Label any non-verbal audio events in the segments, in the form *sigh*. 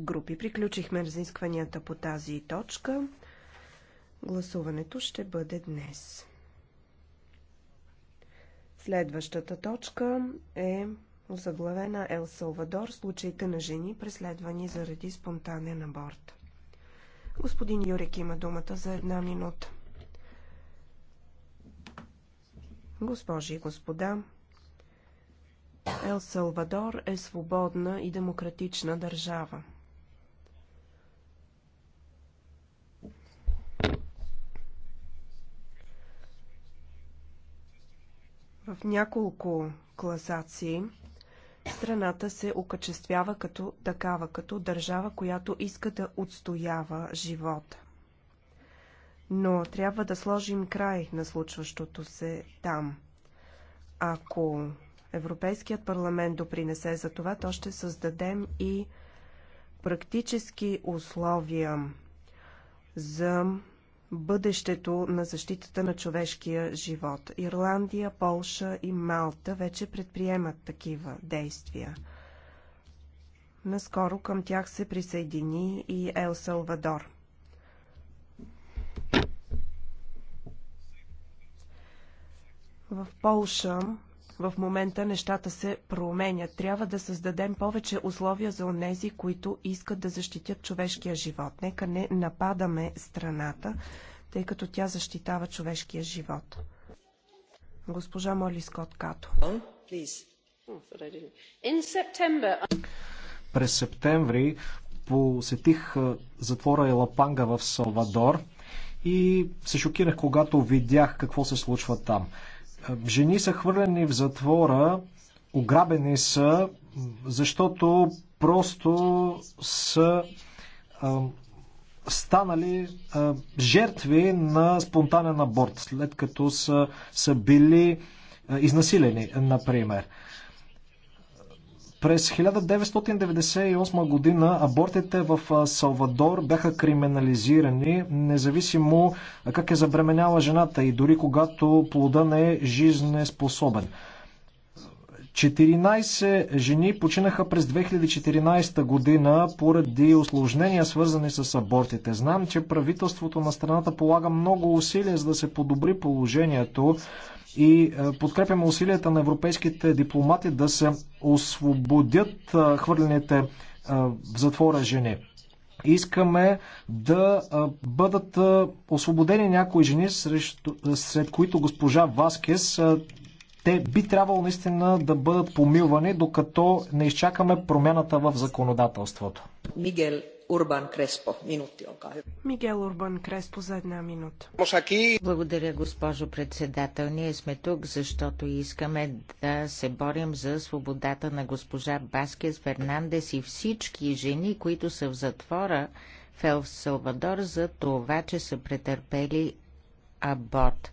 групи. Приключихме разискванията по тази точка. Гласуването ще бъде днес. Следващата точка е заглавена Ел Салвадор случаите на жени, преследвани заради спонтанен аборт. Господин Юрик има думата за една минута. Госпожи и господа, Ел Салвадор е свободна и демократична държава. В няколко класации страната се окачествява като такава, като държава, която иска да отстоява живота. Но трябва да сложим край на случващото се там. Ако Европейският парламент допринесе за това, то ще създадем и практически условия за бъдещето на защитата на човешкия живот. Ирландия, Полша и Малта вече предприемат такива действия. Наскоро към тях се присъедини и Ел Салвадор. В Полша в момента нещата се променят. Трябва да създадем повече условия за онези, които искат да защитят човешкия живот. Нека не нападаме страната, тъй като тя защитава човешкия живот. Госпожа Моли Скот Като. През септември посетих затвора Елапанга в Салвадор и се шокирах, когато видях какво се случва там. Жени са хвърлени в затвора, ограбени са, защото просто са а, станали а, жертви на спонтанен аборт, след като са, са били а, изнасилени, например. През 1998 година абортите в Салвадор бяха криминализирани, независимо как е забременяла жената и дори когато плода не е жизнеспособен. 14 жени починаха през 2014 година поради осложнения, свързани с абортите. Знам, че правителството на страната полага много усилия, за да се подобри положението и е, подкрепяме усилията на европейските дипломати да се освободят е, хвърлените е, в затвора жени. Искаме да бъдат освободени някои жени, сред които госпожа Васкес те би трябвало наистина да бъдат помилвани, докато не изчакаме промяната в законодателството. Мигел Урбан Креспо, минути, Мигел Урбан Креспо за една минута. Благодаря, госпожо председател. Ние сме тук, защото искаме да се борим за свободата на госпожа Баскес Фернандес и всички жени, които са в затвора в Елф Салвадор за това, че са претърпели аборт.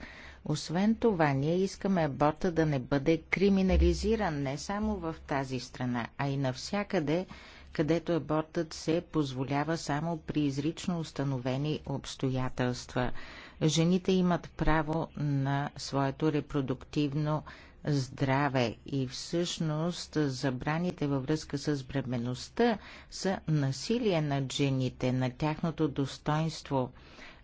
Освен това, ние искаме аборта да не бъде криминализиран не само в тази страна, а и навсякъде, където абортът е се позволява само при изрично установени обстоятелства. Жените имат право на своето репродуктивно здраве и всъщност забраните във връзка с бременността са насилие над жените, на тяхното достоинство –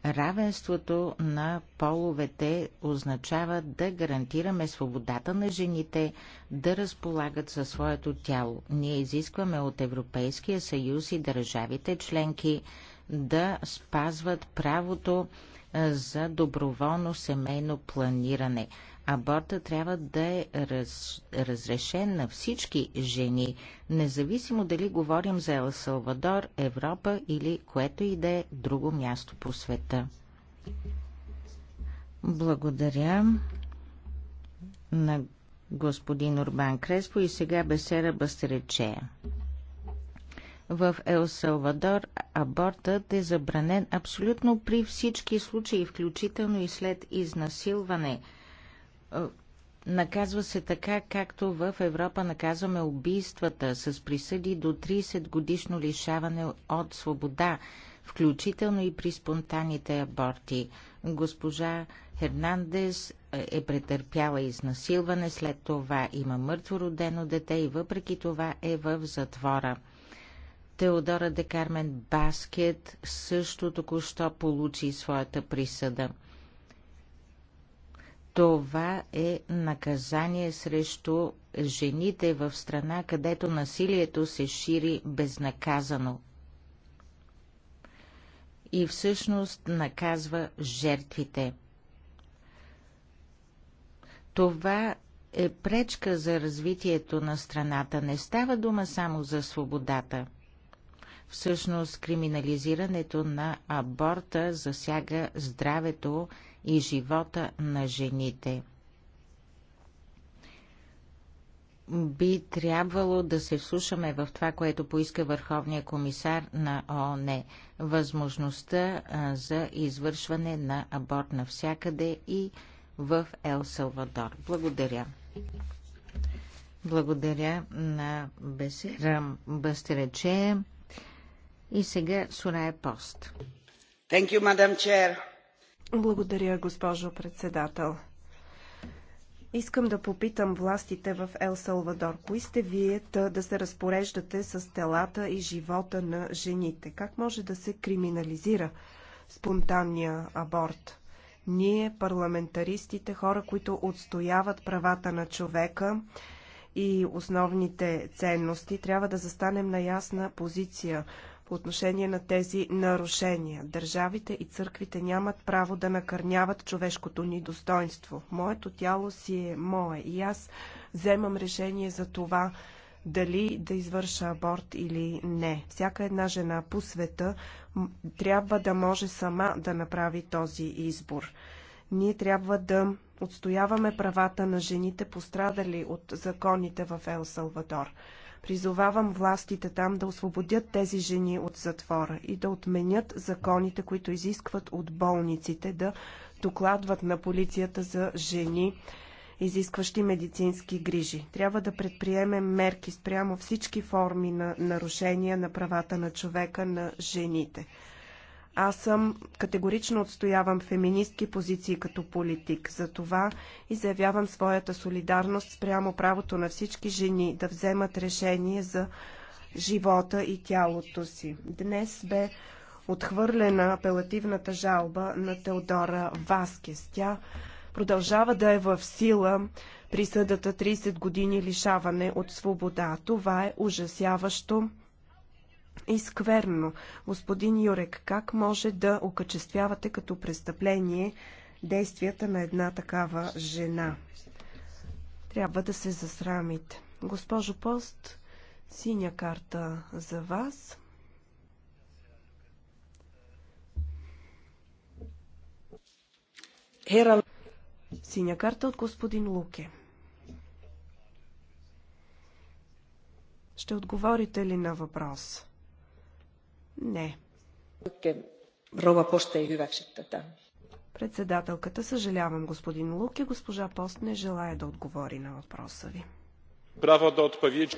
Равенството на половете означава да гарантираме свободата на жените да разполагат със своето тяло. Ние изискваме от Европейския съюз и държавите членки да спазват правото е, за доброволно семейно планиране. Аборта трябва да е раз, разрешен на всички жени, независимо дали говорим за Ел Салвадор, Европа или което и да е друго място по света. Благодаря на господин Орбан Креспо и сега бесера Бастеречея. В Ел Салвадор абортът е забранен абсолютно при всички случаи, включително и след изнасилване. Е, наказва се така, както в Европа наказваме убийствата с присъди до 30 годишно лишаване от свобода, включително и при спонтанните аборти. Госпожа Хернандес е, е претърпяла изнасилване, след това има мъртво родено дете и въпреки това е в затвора. Теодора де Кармен Баскет също току-що получи своята присъда. Това е наказание срещу жените в страна, където насилието се шири безнаказано. И всъщност наказва жертвите. Това е пречка за развитието на страната. Не става дума само за свободата – Всъщност криминализирането на аборта засяга здравето и живота на жените. Би трябвало да се вслушаме в това, което поиска Върховния комисар на ООН. Възможността за извършване на аборт навсякъде и в Ел Салвадор. Благодаря. Благодаря на Бесера Бастерече. И сега Сурая Пост. Thank you, Madam Chair. Благодаря, госпожо председател. Искам да попитам властите в Ел Салвадор. Кои сте вие да се разпореждате с телата и живота на жените? Как може да се криминализира спонтанния аборт? Ние, парламентаристите, хора, които отстояват правата на човека и основните ценности, трябва да застанем на ясна позиция по отношение на тези нарушения. Държавите и църквите нямат право да накърняват човешкото ни достоинство. Моето тяло си е мое и аз вземам решение за това дали да извърша аборт или не. Всяка една жена по света трябва да може сама да направи този избор. Ние трябва да отстояваме правата на жените, пострадали от законите в Ел Салвадор. Призовавам властите там да освободят тези жени от затвора и да отменят законите, които изискват от болниците да докладват на полицията за жени, изискващи медицински грижи. Трябва да предприемем мерки спрямо всички форми на нарушения на правата на човека на жените. Аз съм категорично отстоявам феминистки позиции като политик. За това и заявявам своята солидарност спрямо правото на всички жени да вземат решение за живота и тялото си. Днес бе отхвърлена апелативната жалба на Теодора Васкес. Тя продължава да е в сила присъдата 30 години лишаване от свобода. Това е ужасяващо и скверно. Господин Юрек, как може да окачествявате като престъпление действията на една такава жена? Трябва да се засрамите. Госпожо Пост, синя карта за вас. Синя карта от господин Луке. Ще отговорите ли на въпроса? Не. Председателката, съжалявам, господин Лук и госпожа Пост не желая да отговори на въпроса ви. Право да отповеди.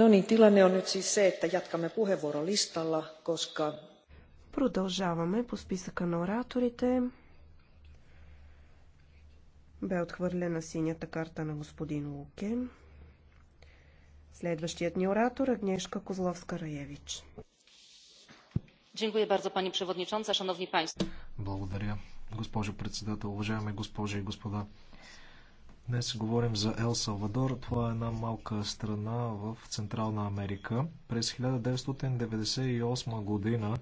No niin, tilanne on nyt siis se, että jatkamme puheenvuorolistalla, koska Продължаваме по списъка на ораторите. Бе отхвърлена синята карта на господин Луке. Следващият ни оратор е Агнешка Козловска-Раевич. Благодаря, госпожо председател, уважаеми госпожи и господа. Днес говорим за Ел Салвадор. Това е една малка страна в Централна Америка. През 1998 година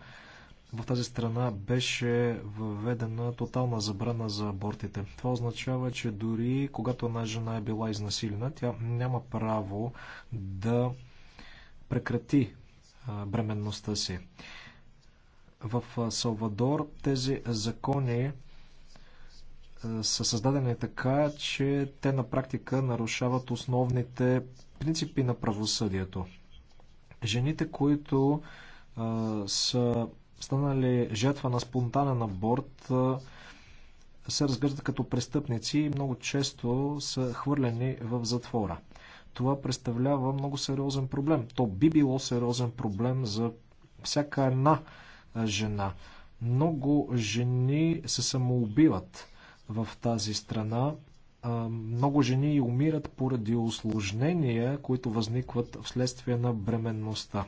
в тази страна беше въведена тотална забрана за абортите. Това означава, че дори когато една жена е била изнасилена, тя няма право да прекрати бременността си. В Салвадор тези закони са създадени така, че те на практика нарушават основните принципи на правосъдието. Жените, които са станали жертва на спонтанен аборт, се разглеждат като престъпници и много често са хвърлени в затвора. Това представлява много сериозен проблем. То би било сериозен проблем за всяка една жена. Много жени се самоубиват в тази страна. Много жени умират поради осложнения, които възникват вследствие на бременността.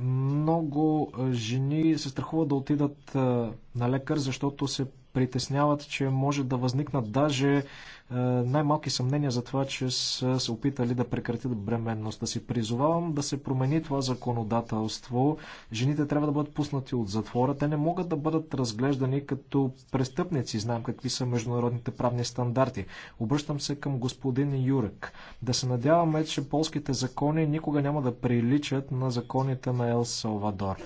Много жени се страхуват да отидат на лекар, защото се притесняват, че може да възникнат даже е, най-малки съмнения за това, че са се опитали да прекратят бременността си. Призовавам да се промени това законодателство. Жените трябва да бъдат пуснати от затвора. Те не могат да бъдат разглеждани като престъпници. Знаем какви са международните правни стандарти. Обръщам се към господин Юрек. Да се надяваме, че полските закони никога няма да приличат на законите на Ел Салвадор.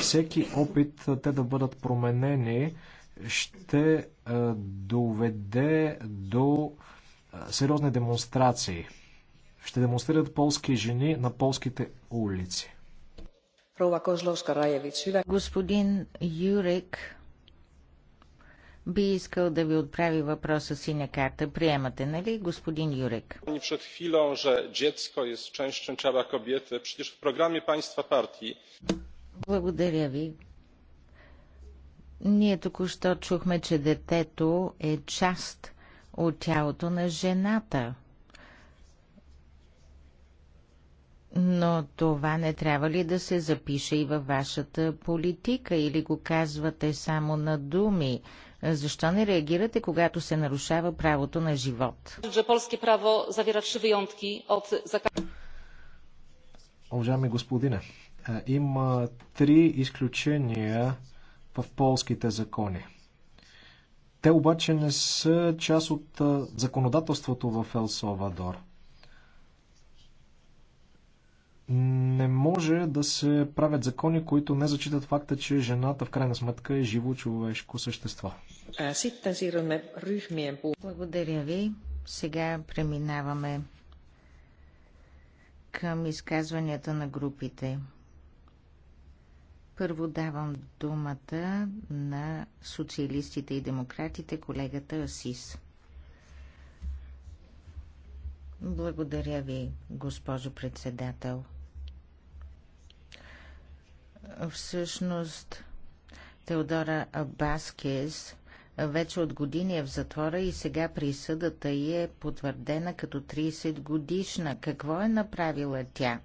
Всеки опит те да бъдат променени ще доведе до сериозни демонстрации. Ще демонстрират полски жени на полските улици. Господин Юрик би искал да ви отправи въпроса си на карта. Приемате, нали, господин Юрик? Przed chwilą, że dziecko jest częścią ciała kobiety, przecież w programie państwa partii. Благодаря ви, ние току-що чухме, че детето е част от тялото на жената. Но това не трябва ли да се запише и във вашата политика или го казвате само на думи? Защо не реагирате, когато се нарушава правото на живот? Уважаеми господине, е, има три изключения в полските закони. Те обаче не са част от законодателството в Ел Салвадор. Не може да се правят закони, които не зачитат факта, че жената в крайна сметка е живо човешко същество. Благодаря ви. Сега преминаваме към изказванията на групите. Първо давам думата на социалистите и демократите, колегата Асис. Благодаря ви, госпожо председател. Всъщност, Теодора Баскес вече от години е в затвора и сега присъдата й е потвърдена като 30 годишна. Какво е направила тя?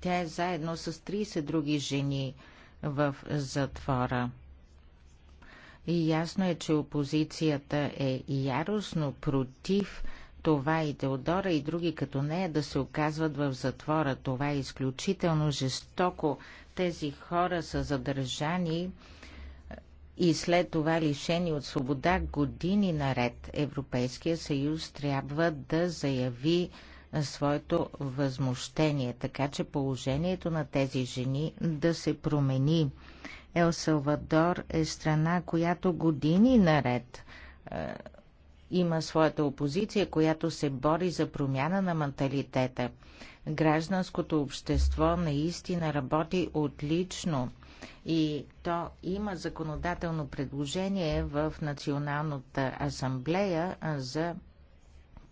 Тя е заедно с 30 други жени в затвора. И ясно е, че опозицията е яростно против това и Теодора и други като нея да се оказват в затвора. Това е изключително жестоко. Тези хора са задържани и след това лишени от свобода години наред. Европейския съюз трябва да заяви своето възмущение, така че положението на тези жени да се промени. Ел Салвадор е страна, която години наред е, има своята опозиция, която се бори за промяна на менталитета. Гражданското общество наистина работи отлично и то има законодателно предложение в Националната асамблея за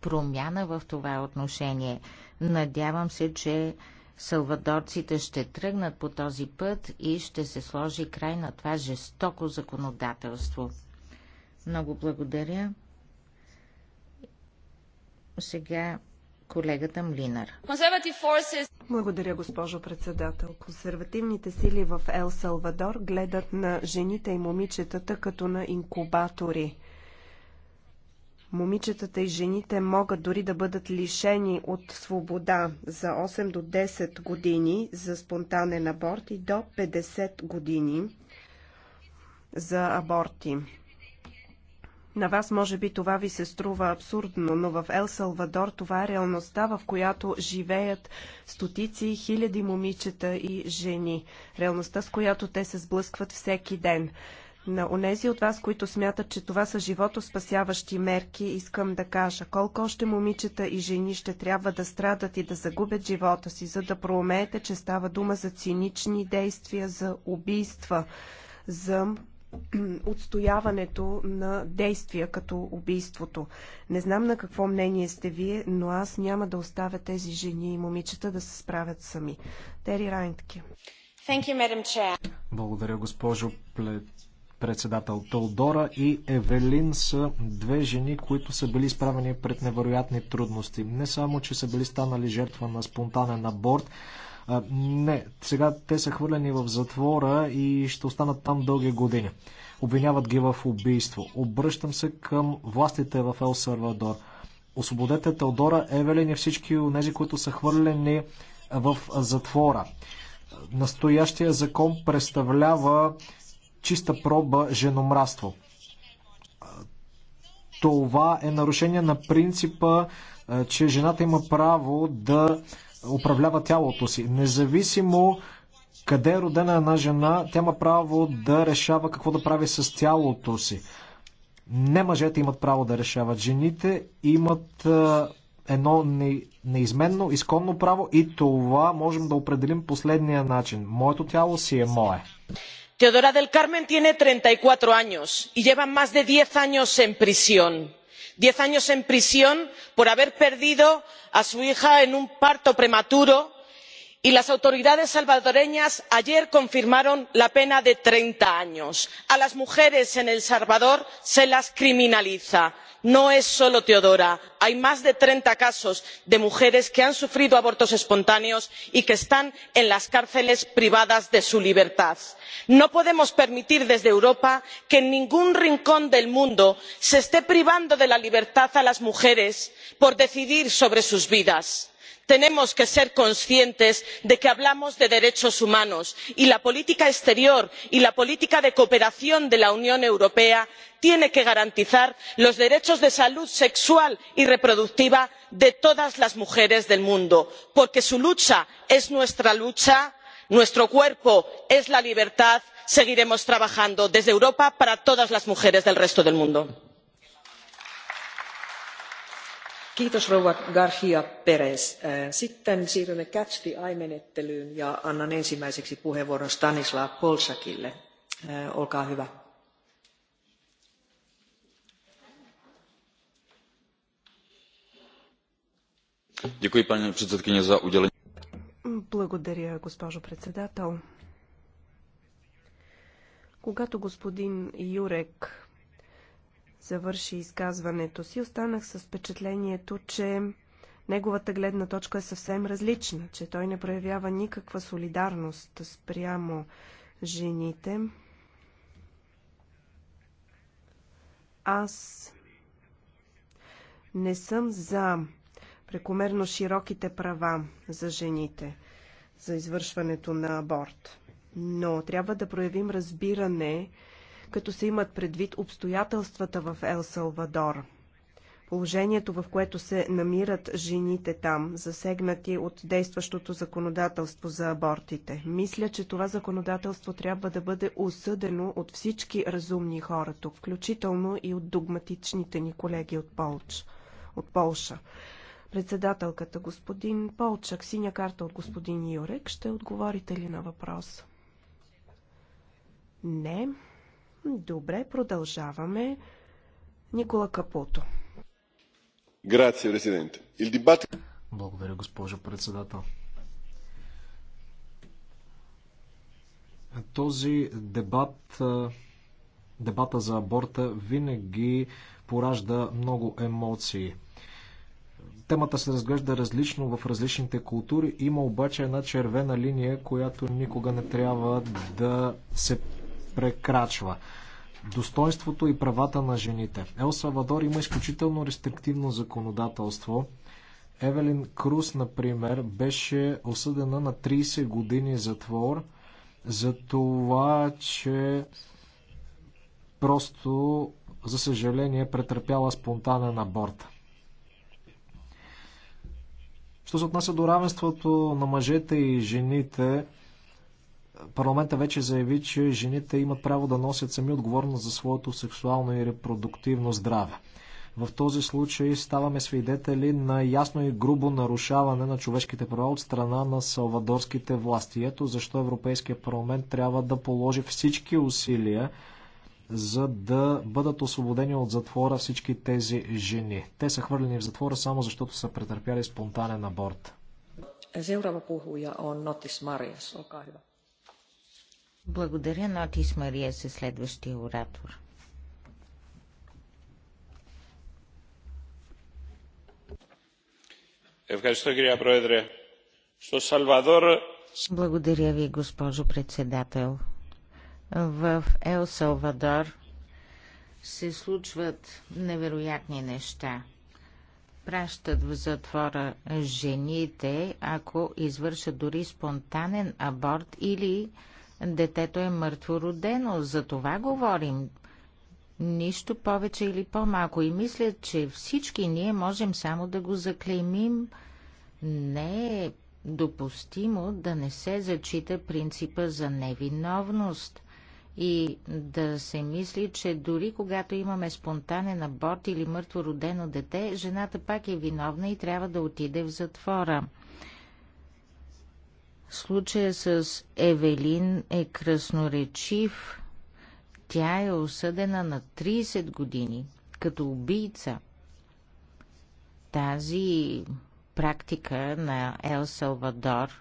промяна в това отношение. Надявам се, че салвадорците ще тръгнат по този път и ще се сложи край на това жестоко законодателство. Много благодаря. Сега колегата Млинар. Благодаря, госпожо председател. Консервативните сили в Ел Салвадор гледат на жените и момичетата като на инкубатори момичетата и жените могат дори да бъдат лишени от свобода за 8 до 10 години за спонтанен аборт и до 50 години за аборти. На вас може би това ви се струва абсурдно, но в Ел Салвадор това е реалността, в която живеят стотици хиляди момичета и жени. Реалността, с която те се сблъскват всеки ден. На онези от вас, които смятат, че това са животоспасяващи мерки, искам да кажа колко още момичета и жени ще трябва да страдат и да загубят живота си, за да проумеете, че става дума за цинични действия, за убийства, за *clears throat* отстояването на действия като убийството. Не знам на какво мнение сте вие, но аз няма да оставя тези жени и момичета да се справят сами. Тери райнтки. Благодаря, госпожо Плет председател Толдора и Евелин са две жени, които са били изправени пред невероятни трудности. Не само, че са били станали жертва на спонтанен аборт, а, не, сега те са хвърлени в затвора и ще останат там дълги години. Обвиняват ги в убийство. Обръщам се към властите в Ел Сарвадор. Освободете Телдора, Евелин и всички от тези, които са хвърлени в затвора. Настоящия закон представлява чиста проба женомраство. Това е нарушение на принципа, че жената има право да управлява тялото си. Независимо къде е родена една жена, тя има право да решава какво да прави с тялото си. Не мъжете имат право да решават. Жените имат едно неизменно, изконно право и това можем да определим последния начин. Моето тяло си е мое teodora del carmen tiene treinta y cuatro años y lleva más de diez años en prisión diez años en prisión por haber perdido a su hija en un parto prematuro; y las autoridades salvadoreñas ayer confirmaron la pena de treinta años. a las mujeres en el salvador se las criminaliza. no es solo teodora hay más de treinta casos de mujeres que han sufrido abortos espontáneos y que están en las cárceles privadas de su libertad. no podemos permitir desde europa que en ningún rincón del mundo se esté privando de la libertad a las mujeres por decidir sobre sus vidas tenemos que ser conscientes de que hablamos de derechos humanos y la política exterior y la política de cooperación de la unión europea tienen que garantizar los derechos de salud sexual y reproductiva de todas las mujeres del mundo porque su lucha es nuestra lucha nuestro cuerpo es la libertad seguiremos trabajando desde europa para todas las mujeres del resto del mundo. sitten siirrymme catch the eye menettelyyn ja annan ensimmäiseksi puheenvuoron stanislav polkakille завърши изказването си, останах с впечатлението, че неговата гледна точка е съвсем различна, че той не проявява никаква солидарност спрямо жените. Аз не съм за прекомерно широките права за жените за извършването на аборт. Но трябва да проявим разбиране като се имат предвид обстоятелствата в Ел Салвадор. Положението, в което се намират жените там, засегнати от действащото законодателство за абортите. Мисля, че това законодателство трябва да бъде осъдено от всички разумни хора тук, включително и от догматичните ни колеги от, Полч, от Полша. Председателката господин Полчак, синя карта от господин Юрек, ще отговорите ли на въпроса? Не. Добре, продължаваме. Никола Капуто. Грация, президент. Благодаря, госпожо председател. Този дебат, дебата за аборта, винаги поражда много емоции. Темата се разглежда различно в различните култури. Има обаче една червена линия, която никога не трябва да се прекрачва достоинството и правата на жените. Ел Савадор има изключително рестриктивно законодателство. Евелин Круз, например, беше осъдена на 30 години затвор за това, че просто, за съжаление, претърпяла спонтанен аборт. Що се отнася до равенството на мъжете и жените, парламента вече заяви, че жените имат право да носят сами отговорност за своето сексуално и репродуктивно здраве. В този случай ставаме свидетели на ясно и грубо нарушаване на човешките права от страна на салвадорските власти. Ето защо Европейския парламент трябва да положи всички усилия за да бъдат освободени от затвора всички тези жени. Те са хвърлени в затвора само защото са претърпяли спонтанен аборт. Seuraava puhuja on Notis Marias. Olkaa hyvä. Благодаря, Нотис Мария, се следващия оратор. Благодаря ви, госпожо председател. В Ел Салвадор се случват невероятни неща. Пращат в затвора жените, ако извършат дори спонтанен аборт или детето е мъртво родено. За това говорим. Нищо повече или по-малко. И мисля, че всички ние можем само да го заклеймим. Не е допустимо да не се зачита принципа за невиновност и да се мисли, че дори когато имаме спонтанен аборт или мъртво родено дете, жената пак е виновна и трябва да отиде в затвора. Случая с Евелин е красноречив. Тя е осъдена на 30 години като убийца. Тази практика на Ел Салвадор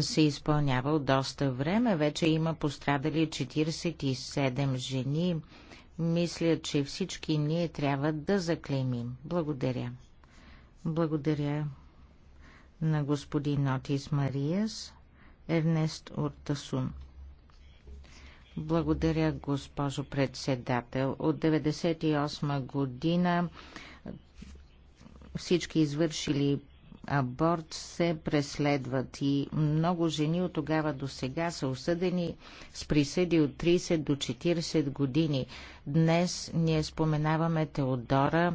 се изпълнява от доста време. Вече има пострадали 47 жени. Мисля, че всички ние трябва да заклеймим. Благодаря. Благодаря, на господин Отис Мариас, Ернест Уртасун. Благодаря, госпожо председател. От 1998 година всички извършили аборт се преследват и много жени от тогава до сега са осъдени с присъди от 30 до 40 години. Днес ние споменаваме Теодора,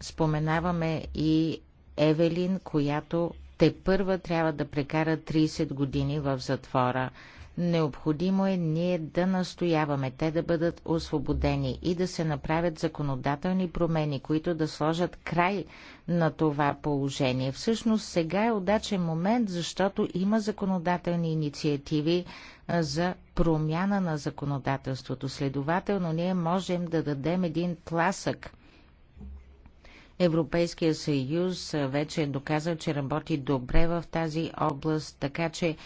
споменаваме и Евелин, която те първа трябва да прекара 30 години в затвора. Необходимо е ние да настояваме те да бъдат освободени и да се направят законодателни промени, които да сложат край на това положение. Всъщност сега е удачен момент, защото има законодателни инициативи за промяна на законодателството. Следователно ние можем да дадем един тласък Европейския съюз вече е доказал, че работи добре в тази област, така че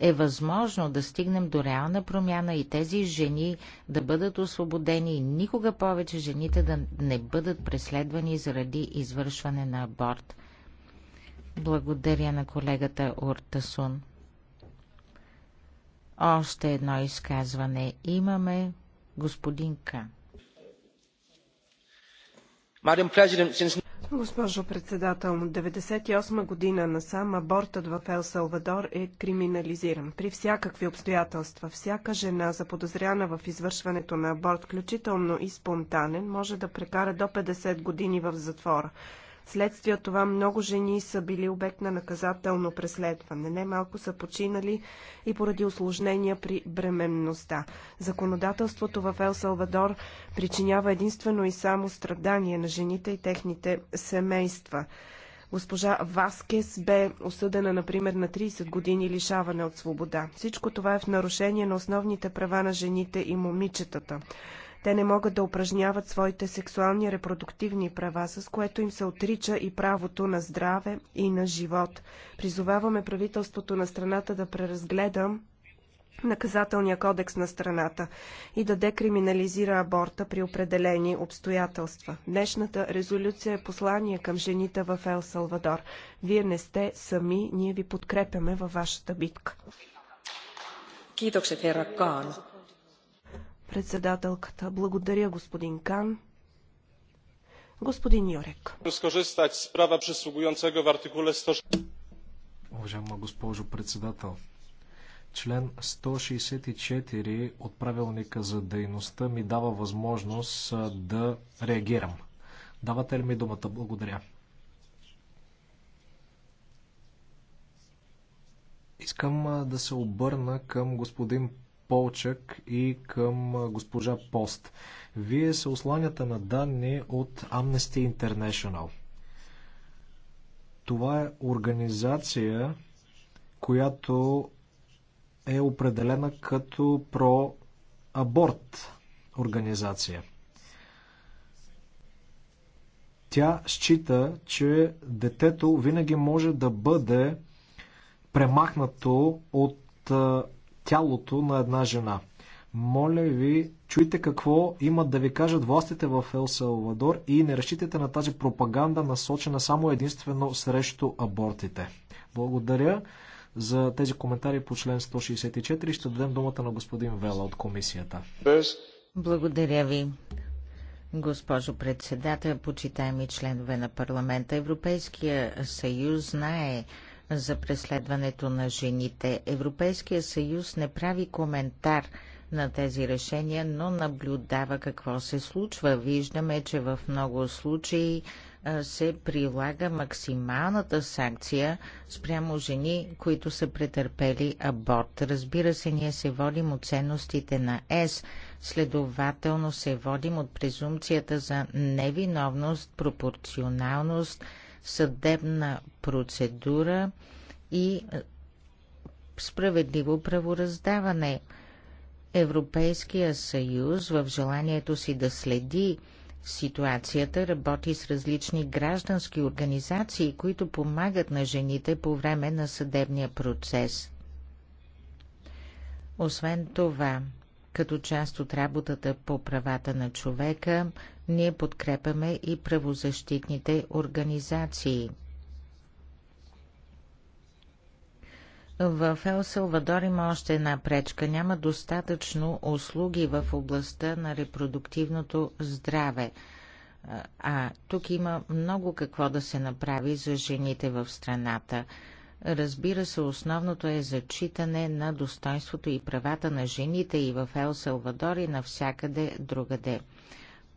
е възможно да стигнем до реална промяна и тези жени да бъдат освободени и никога повече жените да не бъдат преследвани заради извършване на аборт. Благодаря на колегата Уртасун. Още едно изказване имаме господин Ка. Госпожо председател, от 1998 година насам абортът в Ел Салвадор е криминализиран. При всякакви обстоятелства, всяка жена, заподозряна в извършването на аборт, включително и спонтанен, може да прекара до 50 години в затвора. Следствие от това много жени са били обект на наказателно преследване. Не малко са починали и поради осложнения при бременността. Законодателството в Ел Салвадор причинява единствено и само страдание на жените и техните семейства. Госпожа Васкес бе осъдена, например, на 30 години лишаване от свобода. Всичко това е в нарушение на основните права на жените и момичетата. Те не могат да упражняват своите сексуални и репродуктивни права, с което им се отрича и правото на здраве и на живот. Призоваваме правителството на страната да преразгледа наказателния кодекс на страната и да декриминализира аборта при определени обстоятелства. Днешната резолюция е послание към жените в Ел Салвадор. Вие не сте сами, ние ви подкрепяме във вашата битка. Kiitokset herra Kaan. Председателката. Благодаря, господин Кан. Господин Юрек. Скористать с права присъгуjącego в артикуле 100... Уважаема госпожо председател, член 164 от правилника за дейността ми дава възможност да реагирам. Давате ли ми думата? Благодаря. Искам да се обърна към господин Полчък и към госпожа Пост. Вие се осланяте на данни от Amnesty International. Това е организация, която е определена като про-аборт организация. Тя счита, че детето винаги може да бъде премахнато от тялото на една жена. Моля ви, чуйте какво имат да ви кажат властите в Ел Салвадор и не разчитайте на тази пропаганда, насочена само единствено срещу абортите. Благодаря за тези коментари по член 164. Ще дадем думата на господин Вела от комисията. Благодаря ви. Госпожо председател, почитаеми членове на парламента, Европейския съюз знае, за преследването на жените. Европейския съюз не прави коментар на тези решения, но наблюдава какво се случва. Виждаме, че в много случаи се прилага максималната санкция спрямо жени, които са претърпели аборт. Разбира се, ние се водим от ценностите на ЕС, следователно се водим от презумцията за невиновност, пропорционалност – съдебна процедура и справедливо правораздаване. Европейския съюз в желанието си да следи ситуацията работи с различни граждански организации, които помагат на жените по време на съдебния процес. Освен това, като част от работата по правата на човека, ние подкрепяме и правозащитните организации. В Ел Салвадор има още една пречка. Няма достатъчно услуги в областта на репродуктивното здраве. А тук има много какво да се направи за жените в страната. Разбира се, основното е зачитане на достоинството и правата на жените и в Ел Салвадор и навсякъде другаде.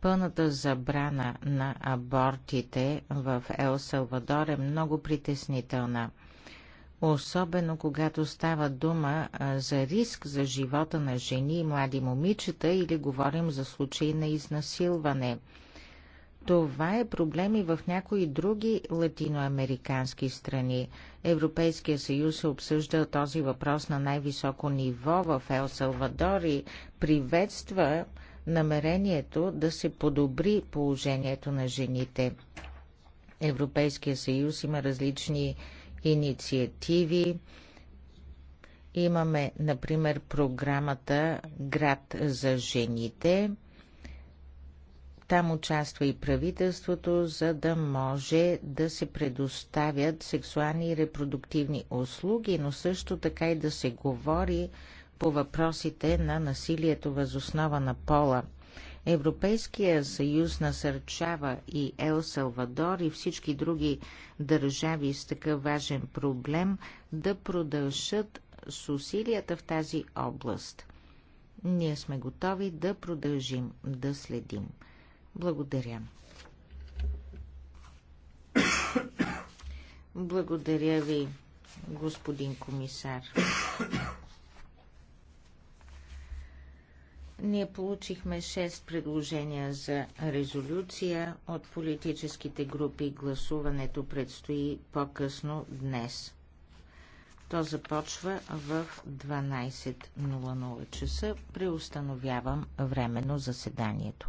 Пълната забрана на абортите в Ел Салвадор е много притеснителна. Особено когато става дума за риск за живота на жени и млади момичета или говорим за случаи на изнасилване – това е проблем и в някои други латиноамерикански страни. Европейския съюз е обсъждал този въпрос на най-високо ниво в Ел Салвадор и приветства намерението да се подобри положението на жените. Европейския съюз има различни инициативи. Имаме, например, програмата Град за жените – там участва и правителството, за да може да се предоставят сексуални и репродуктивни услуги, но също така и да се говори по въпросите на насилието възоснова на пола. Европейския съюз насърчава и Ел Салвадор и всички други държави с такъв важен проблем да продължат с усилията в тази област. Ние сме готови да продължим да следим. Благодаря. Благодаря ви, господин комисар. Ние получихме 6 предложения за резолюция от политическите групи. Гласуването предстои по-късно днес. То започва в 12.00 часа. Преустановявам временно заседанието.